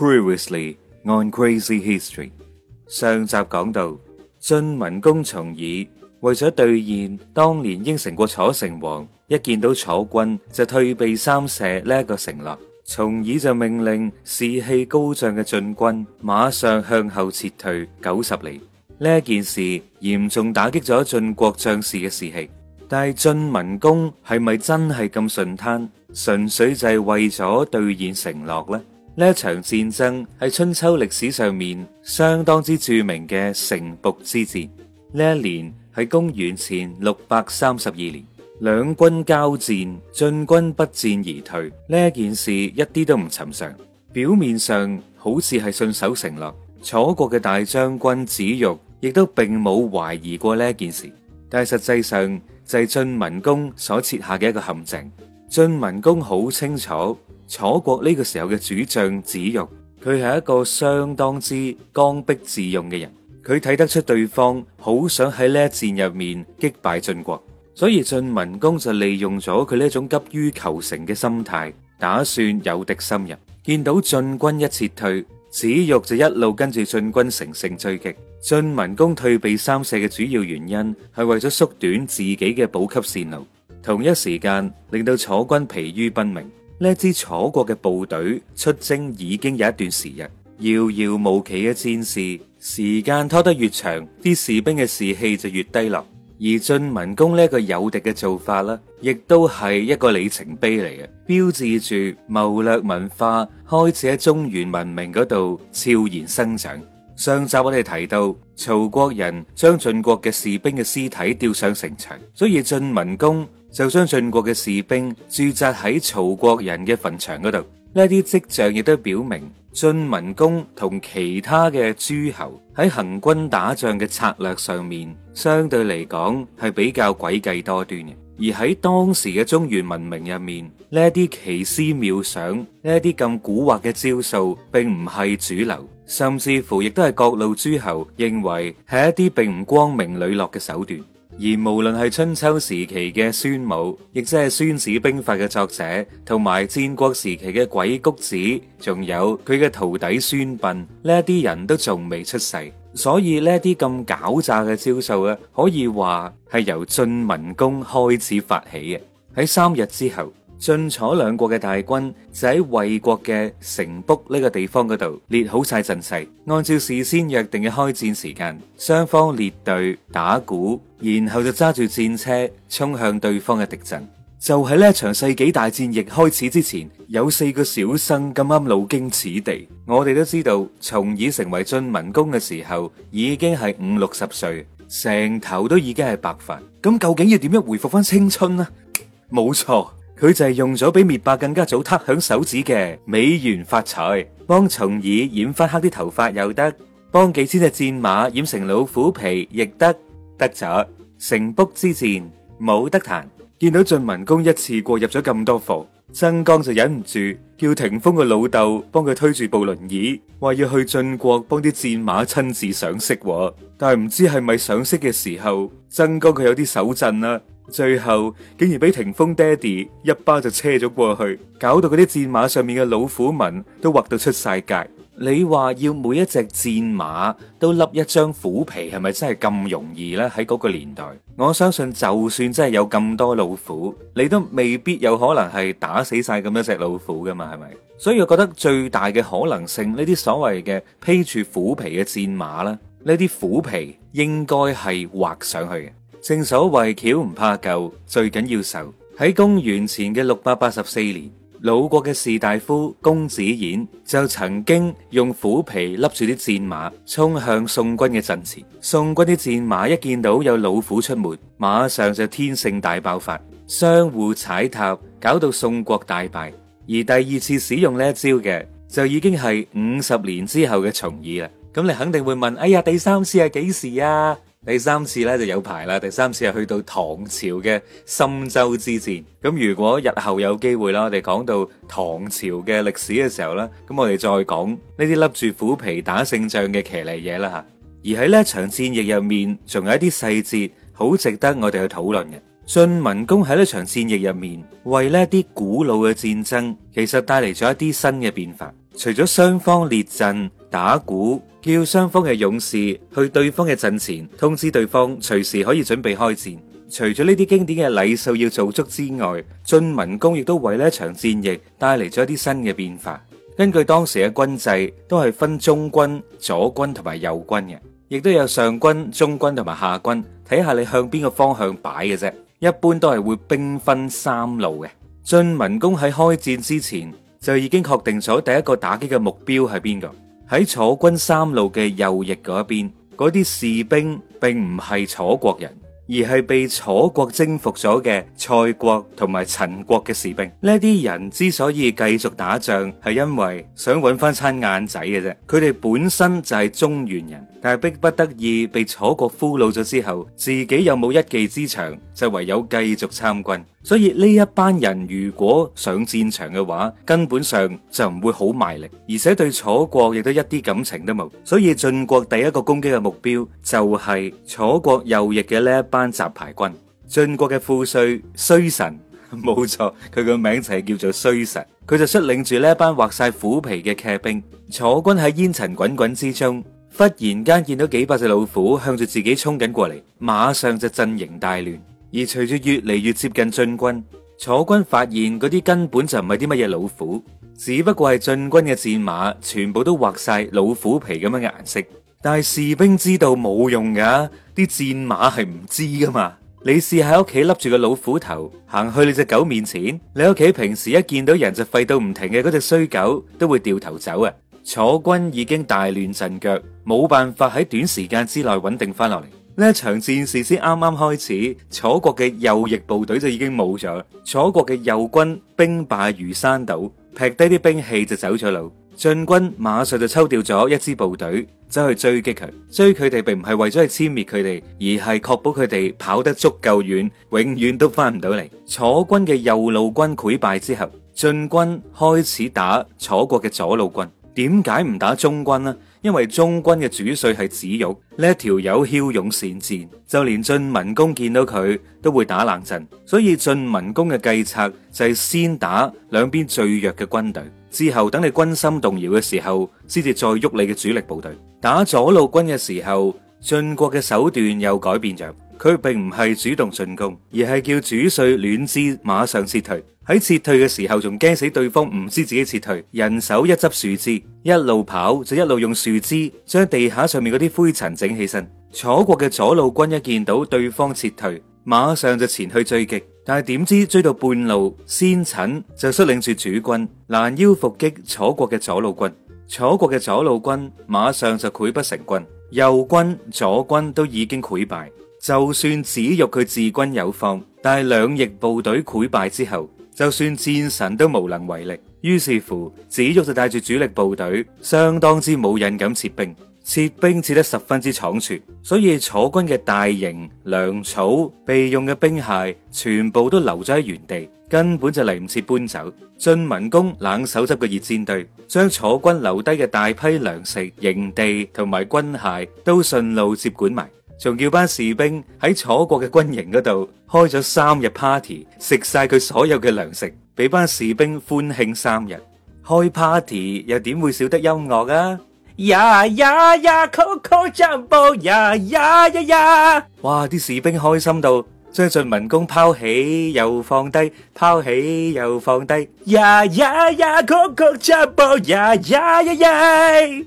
Previously on Crazy History. 上集講到,晉文公重耳,為咗兌現當年應承過楚成王,一見到楚軍就退避三舍呢一個承諾。重耳就命令士氣高漲嘅晉軍馬上向後撤退九十里。呢一件事嚴重打擊咗晉國將士嘅士氣。但係晉文公係咪真係咁順攤?純粹就係為咗兌現承諾呢?呢一場戰爭係春秋歷史上面相當之著名嘅城濮之戰。呢一年係公元前六百三十二年，兩軍交戰，晉軍不戰而退。呢一件事一啲都唔尋常，表面上好似係信守承諾，楚國嘅大將軍子玉亦都並冇懷疑過呢一件事，但係實際上就係晉文公所設下嘅一個陷阱。晉文公好清楚。楚國呢個時候嘅主將子玉，佢係一個相當之剛愎自用嘅人。佢睇得出對方好想喺呢一戰入面擊敗晉國，所以晉文公就利用咗佢呢一種急於求成嘅心態，打算誘敵深入。見到晉軍一撤退，子玉就一路跟住晉軍乘勝追擊。晉文公退避三舍嘅主要原因係為咗縮短自己嘅補給線路，同一時間令到楚軍疲於奔命。呢支楚國嘅部隊出征已經有一段時日，遙遙無期嘅戰事，時間拖得越長，啲士兵嘅士氣就越低落。而晉文公呢一個有敵嘅做法呢，亦都係一個里程碑嚟嘅，標誌住謀略文化開始喺中原文明嗰度悄然生長。上集我哋提到，曹國人將晉國嘅士兵嘅屍體吊上城牆，所以晉文公。就將晉國嘅士兵駐紮喺曹國人嘅墳場嗰度，呢啲跡象亦都表明晉文公同其他嘅諸侯喺行軍打仗嘅策略上面，相對嚟講係比較詭計多端嘅。而喺當時嘅中原文明入面，呢啲奇思妙想，呢啲咁古惑嘅招數，並唔係主流，甚至乎亦都係各路諸侯認為係一啲並唔光明磊落嘅手段。而無論係春秋時期嘅孫武，亦即係《孫子兵法》嘅作者，同埋戰國時期嘅鬼谷子，仲有佢嘅徒弟孫臏，呢一啲人都仲未出世，所以呢啲咁狡詐嘅招數咧，可以話係由晉文公開始發起嘅。喺三日之後，晉楚兩國嘅大軍就喺衛國嘅城北呢個地方嗰度列好晒陣勢，按照事先約定嘅開戰時間，雙方列隊打鼓，然後就揸住戰車衝向對方嘅敵陣。就喺、是、呢一場世紀大戰役開始之前，有四個小生咁啱路經此地。我哋都知道，從已成為晉文公嘅時候，已經係五六十歲，成頭都已經係白髮。咁究竟要點樣回復返青春呢？冇錯。佢就係用咗比滅霸更加早撻響手指嘅美源髮彩，幫重耳染翻黑啲頭髮又得，幫幾千隻戰馬染成老虎皮亦得，得咋？城濮之戰冇得彈，見到晉文公一次過入咗咁多伏，曾江就忍唔住叫霆鋒嘅老豆幫佢推住部輪椅，話要去晉國幫啲戰馬親自上色。但係唔知係咪上色嘅時候，曾江佢有啲手震啦。最後竟然俾霆鋒爹哋一巴就車咗過去，搞到嗰啲戰馬上面嘅老虎紋都畫到出晒界。你話要每一隻戰馬都笠一張虎皮，係咪真係咁容易呢？喺嗰個年代，我相信就算真係有咁多老虎，你都未必有可能係打死晒咁多隻老虎噶嘛？係咪？所以我覺得最大嘅可能性，呢啲所謂嘅披住虎皮嘅戰馬啦，呢啲虎皮應該係畫上去嘅。正所謂橋唔怕舊，最緊要受。喺公元前嘅六百八十四年，魯國嘅士大夫公子偃就曾經用虎皮笠住啲戰馬，衝向宋軍嘅陣前。宋軍啲戰馬一見到有老虎出沒，馬上就天性大爆發，相互踩踏，搞到宋國大敗。而第二次使用呢一招嘅，就已經係五十年之後嘅重耳啦。咁你肯定會問：哎呀，第三次係、啊、幾時呀、啊？」第三次咧就有排啦，第三次係去到唐朝嘅深州之戰。咁如果日後有機會啦，我哋講到唐朝嘅歷史嘅時候咧，咁我哋再講呢啲笠住虎皮打勝仗嘅騎呢嘢啦吓。而喺呢場戰役入面，仲有一啲細節好值得我哋去討論嘅。晉文公喺呢一場戰役入面，為呢一啲古老嘅戰爭，其實帶嚟咗一啲新嘅變化。除咗雙方列陣、打鼓，叫雙方嘅勇士去對方嘅陣前，通知對方隨時可以準備開戰。除咗呢啲經典嘅禮數要做足之外，晉文公亦都為呢一場戰役帶嚟咗一啲新嘅變化。根據當時嘅軍制，都係分中軍、左軍同埋右軍嘅，亦都有上軍、中軍同埋下軍，睇下你向邊個方向擺嘅啫。一般都係會兵分三路嘅。晉文公喺開戰之前就已經確定咗第一個打擊嘅目標係邊個？喺楚軍三路嘅右翼嗰一邊，嗰啲士兵並唔係楚國人。而係被楚國征服咗嘅蔡國同埋陳國嘅士兵，呢啲人之所以繼續打仗，係因為想揾翻餐眼仔嘅啫。佢哋本身就係中原人，但係迫不得已被楚國俘虜咗之後，自己又冇一技之長，就唯有繼續參軍。所以呢一班人如果上戰場嘅話，根本上就唔會好賣力，而且對楚國亦都一啲感情都冇。所以晉國第一個攻擊嘅目標就係楚國右翼嘅呢一班雜牌軍。晉國嘅副帥衰神，冇錯，佢個名就係叫做衰神，佢就率領住呢一班畫晒虎皮嘅騎兵。楚軍喺煙塵滾滾之中，忽然間見到幾百隻老虎向住自己衝緊過嚟，馬上就陣營大亂。而隨住越嚟越接近晉軍，楚軍發現嗰啲根本就唔係啲乜嘢老虎，只不過係晉軍嘅戰馬，全部都畫晒老虎皮咁樣嘅顏色。但係士兵知道冇用噶，啲戰馬係唔知噶嘛。你試喺屋企笠住個老虎頭行去你隻狗面前，你屋企平時一見到人就吠到唔停嘅嗰隻衰狗都會掉頭走啊！楚軍已經大亂陣腳，冇辦法喺短時間之內穩定翻落嚟。呢一場戰事先啱啱開始，楚國嘅右翼部隊就已經冇咗，楚國嘅右軍兵敗如山倒，劈低啲兵器就走咗路。晉軍馬上就抽調咗一支部隊走去追擊佢，追佢哋並唔係為咗去殲滅佢哋，而係確保佢哋跑得足夠遠，永遠都翻唔到嚟。楚軍嘅右路軍潰敗之後，晉軍開始打楚國嘅左路軍。點解唔打中軍呢？因為中軍嘅主帥係子玉，呢一條友驍勇善戰，就連晉文公見到佢都會打冷震。所以晉文公嘅計策就係先打兩邊最弱嘅軍隊，之後等你軍心動搖嘅時候，先至再喐你嘅主力部隊。打左路軍嘅時候，晉國嘅手段又改變咗，佢並唔係主動進攻，而係叫主帥欒枝馬上撤退。喺撤退嘅時候，仲驚死對方唔知自己撤退，人手一執樹枝，一路跑就一路用樹枝將地下上，上面嗰啲灰塵整起身。楚國嘅左路軍一見到對方撤退，馬上就前去追擊，但係點知追到半路，先軫就率領住主軍攔腰伏擊楚國嘅左路軍。楚國嘅左路軍馬上就潰不成軍，右軍、左軍都已經潰敗。就算子玉佢治軍有方，但係兩翼部隊潰敗之後。就算戰神都無能為力，於是乎子玉就帶住主力部隊，相當之冇癮咁撤兵，撤兵撤得十分之倉促，所以楚軍嘅大型糧草、備用嘅兵械，全部都留咗喺原地，根本就嚟唔切搬走。晉文公冷手執個熱煎堆，將楚軍留低嘅大批糧食、營地同埋軍械，都順路接管埋。仲叫班士兵喺楚國嘅軍營嗰度開咗三日 party，食晒佢所有嘅糧食，俾班士兵歡慶三日。開 party 又點會少得音樂啊？呀呀呀，co co jump，呀呀呀呀。哇！啲士兵開心到將晉文公拋起又放低，拋起又放低。呀呀呀，co co jump，呀呀呀呀。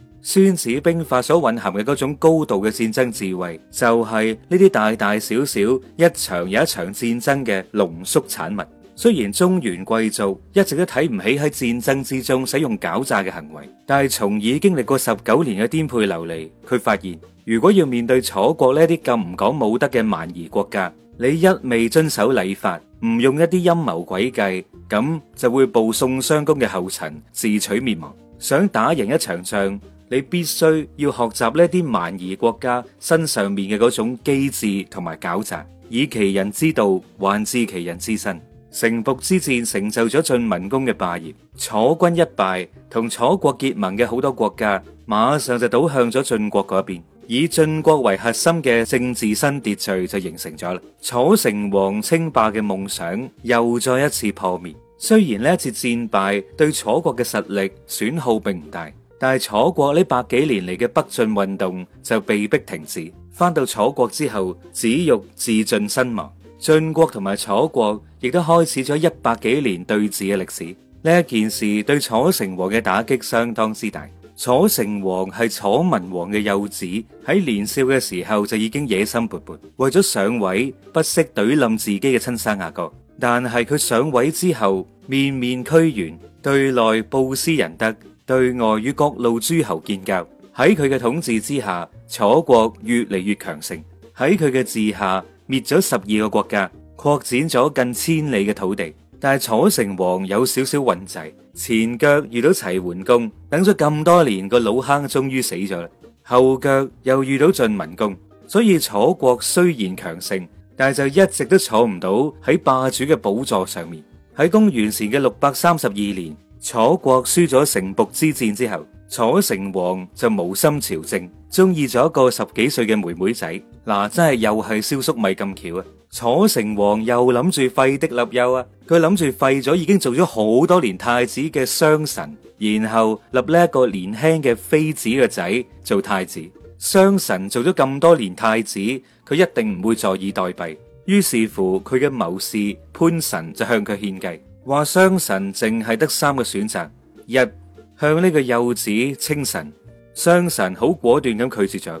孫子兵法所蘊含嘅嗰種高度嘅戰爭智慧，就係呢啲大大小小一場又一場戰爭嘅濃縮產物。雖然中原貴族一直都睇唔起喺戰爭之中使用狡詐嘅行為，但係重耳經歷過十九年嘅顛沛流離，佢發現如果要面對楚國呢啲咁唔講武德嘅蠻夷國家，你一味遵守禮法，唔用一啲陰謀詭計，咁就會步宋襄公嘅後塵，自取滅亡。想打贏一場仗，你必須要學習呢啲蠻夷國家身上面嘅嗰種機智同埋狡詐，以其人之道還治其人之身。城濮之戰成就咗晉文公嘅霸業，楚軍一敗，同楚國結盟嘅好多國家馬上就倒向咗晉國嗰邊，以晉國為核心嘅政治新秩序就形成咗啦。楚成王稱霸嘅夢想又再一次破滅。雖然呢一次戰敗對楚國嘅實力損耗並唔大。但係楚國呢百幾年嚟嘅北進運動就被迫停止。翻到楚國之後，子玉自盡身亡。晉國同埋楚國亦都開始咗一百幾年對峙嘅歷史。呢一件事對楚成王嘅打擊相當之大。楚成王係楚文王嘅幼子，喺年少嘅時候就已經野心勃勃，為咗上位不惜懟冧自己嘅親生阿哥。但係佢上位之後，面面俱圓，對內布施仁德。對外與各路諸侯建交，喺佢嘅統治之下，楚國越嚟越強盛。喺佢嘅治下，滅咗十二個國家，擴展咗近千里嘅土地。但係楚成王有少少運滯，前腳遇到齊桓公，等咗咁多年個老坑終於死咗啦，後腳又遇到晉文公，所以楚國雖然強盛，但係就一直都坐唔到喺霸主嘅寶座上面。喺公元前嘅六百三十二年。楚國輸咗城濮之戰之後，楚成王就無心朝政，中意咗一個十幾歲嘅妹妹仔。嗱，真係又係蕭叔米咁巧啊！楚成王又諗住廢嫡立幼啊，佢諗住廢咗已經做咗好多年太子嘅商臣，然後立呢一個年輕嘅妃子嘅仔做太子。商臣做咗咁多年太子，佢一定唔會坐以待斃。於是乎，佢嘅謀士潘臣就向佢獻計。話商神淨係得三個選擇：一向呢個幼子稱臣，商神好果斷咁拒絕着；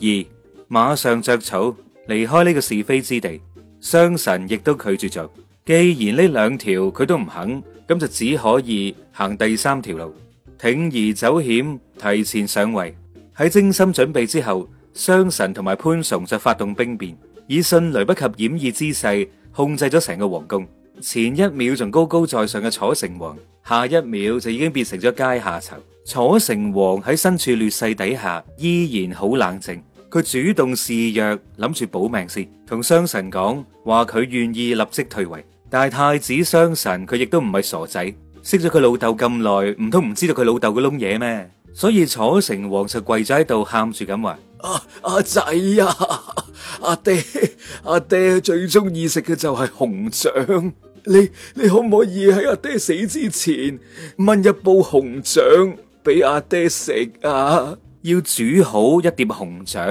二馬上着草離開呢個是非之地，商神亦都拒絕着。既然呢兩條佢都唔肯，咁就只可以行第三條路，鋌而走險，提前上位。喺精心準備之後，商神同埋潘崇就發動兵變，以迅雷不及掩耳之勢控制咗成個皇宮。前一秒仲高高在上嘅楚成王，下一秒就已經變成咗階下囚。楚成王喺身處劣勢底下，依然好冷靜。佢主動示弱，諗住保命先，同商臣講話佢願意立即退位。但係太子商臣，佢亦都唔係傻仔，識咗佢老豆咁耐，唔通唔知道佢老豆嘅窿嘢咩？所以楚成王就跪咗喺度，喊住咁話：阿、啊、仔呀、啊，阿、啊、爹阿、啊、爹最中意食嘅就係熊掌。你你可唔可以喺阿爹,爹死之前燜一煲紅掌俾阿爹食啊？要煮好一碟紅掌，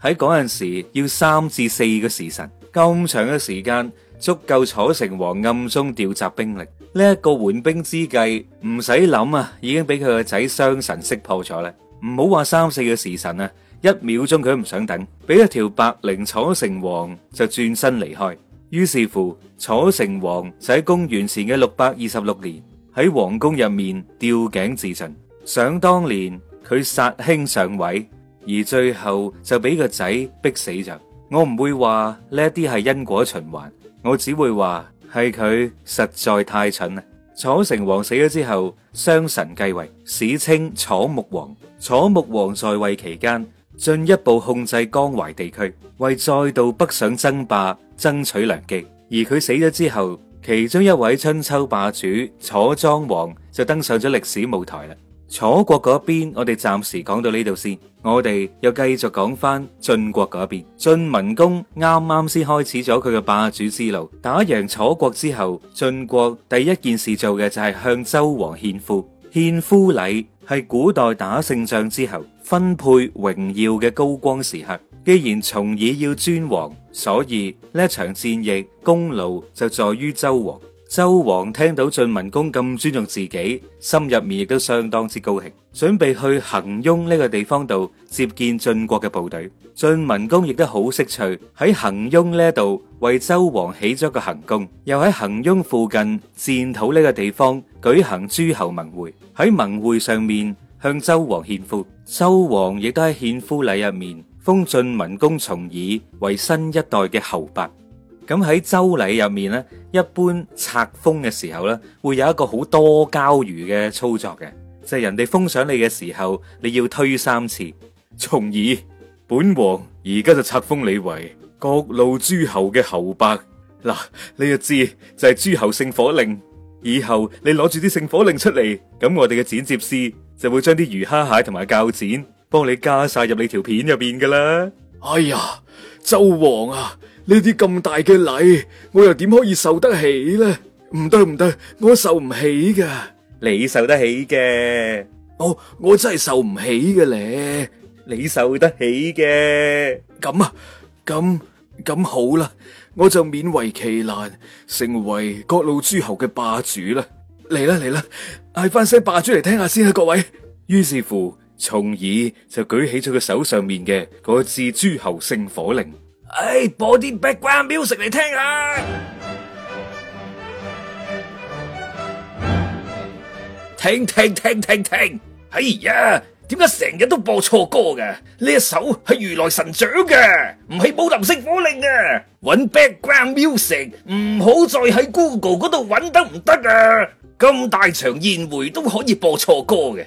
喺嗰陣時要三至四個時辰，咁長嘅時間足夠楚成王暗中調集兵力。呢、這、一個緩兵之計唔使諗啊，已經俾佢個仔商臣識破咗啦。唔好話三四個時辰啊，一秒鐘佢都唔想等，俾一條白綾，楚成王就轉身離開。於是乎，楚成王就喺公元前嘅六百二十六年喺皇宮入面吊頸自盡。想當年佢殺兄上位，而最後就俾個仔逼死咗。我唔會話呢一啲係因果循環，我只會話係佢實在太蠢啊！楚成王死咗之後，商臣繼位，史稱楚穆王。楚穆王在位期間，進一步控制江淮地區，為再度北上爭霸。爭取良機，而佢死咗之後，其中一位春秋霸主楚莊王就登上咗歷史舞台啦。楚國嗰邊，我哋暫時講到呢度先，我哋又繼續講翻晉國嗰邊。晉文公啱啱先開始咗佢嘅霸主之路，打贏楚國之後，晉國第一件事做嘅就係向周王獻俘。獻俘禮係古代打勝仗之後分配榮耀嘅高光時刻。既然重耳要尊王，所以呢一場戰役功勞就在於周王。周王聽到晉文公咁尊重自己，心入面亦都相當之高興，準備去衡雍呢個地方度接見晉國嘅部隊。晉文公亦都好識趣，喺衡雍呢度為周王起咗個行宮，又喺衡雍附近踐土呢個地方舉行諸侯盟會。喺盟會上面向周王獻俘，周王亦都喺獻俘禮入面。封晉文公重耳為新一代嘅侯伯，咁喺周禮入面呢，一般冊封嘅時候呢，會有一個好多膠魚嘅操作嘅，就係人哋封賞你嘅時候，你要推三次。重耳，本王而家就冊封你為各路諸侯嘅侯伯。嗱，你又知就係諸侯聖火令，以後你攞住啲聖火令出嚟，咁我哋嘅剪接師就會將啲魚蝦蟹同埋鉸剪。幫你加晒入你條片入邊噶啦！哎呀，周王啊，呢啲咁大嘅禮，我又點可以受得起咧？唔對唔對，我受唔起噶。你受得起嘅。哦，我真係受唔起嘅咧。你受得起嘅。咁啊，咁咁好啦，我就勉為其難，成為各路諸侯嘅霸主啦。嚟啦嚟啦，嗌翻聲霸主嚟聽下先啊，各位。於是乎。從而就舉起咗佢手上面嘅嗰支諸侯聖火令。唉、哎，播啲 background music 嚟聽下、啊。聽聽聽聽聽，係、哎、呀，點解成日都播錯歌嘅？呢一首係如來神掌嘅，唔係武林聖火令 music，啊！搵 background music 唔好再喺 Google 嗰度搵得唔得啊？咁大場宴會都可以播錯歌嘅。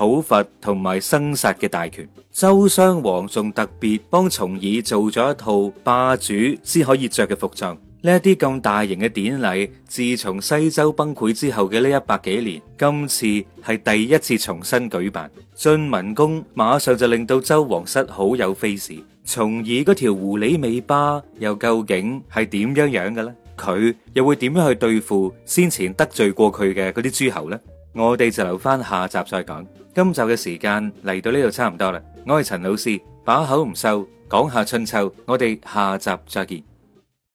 討伐同埋生殺嘅大權，周襄王仲特別幫重耳做咗一套霸主先可以着嘅服裝。呢一啲咁大型嘅典禮，自從西周崩潰之後嘅呢一百幾年，今次係第一次重新舉辦。晉文公馬上就令到周王室好有飛士。重耳嗰條狐狸尾巴又究竟係點樣樣嘅咧？佢又會點樣去對付先前得罪過佢嘅嗰啲諸侯呢？我哋就留翻下集再講。今集嘅時間嚟到呢度差唔多啦，我係陳老師，把口唔收，講下春秋，我哋下集再見。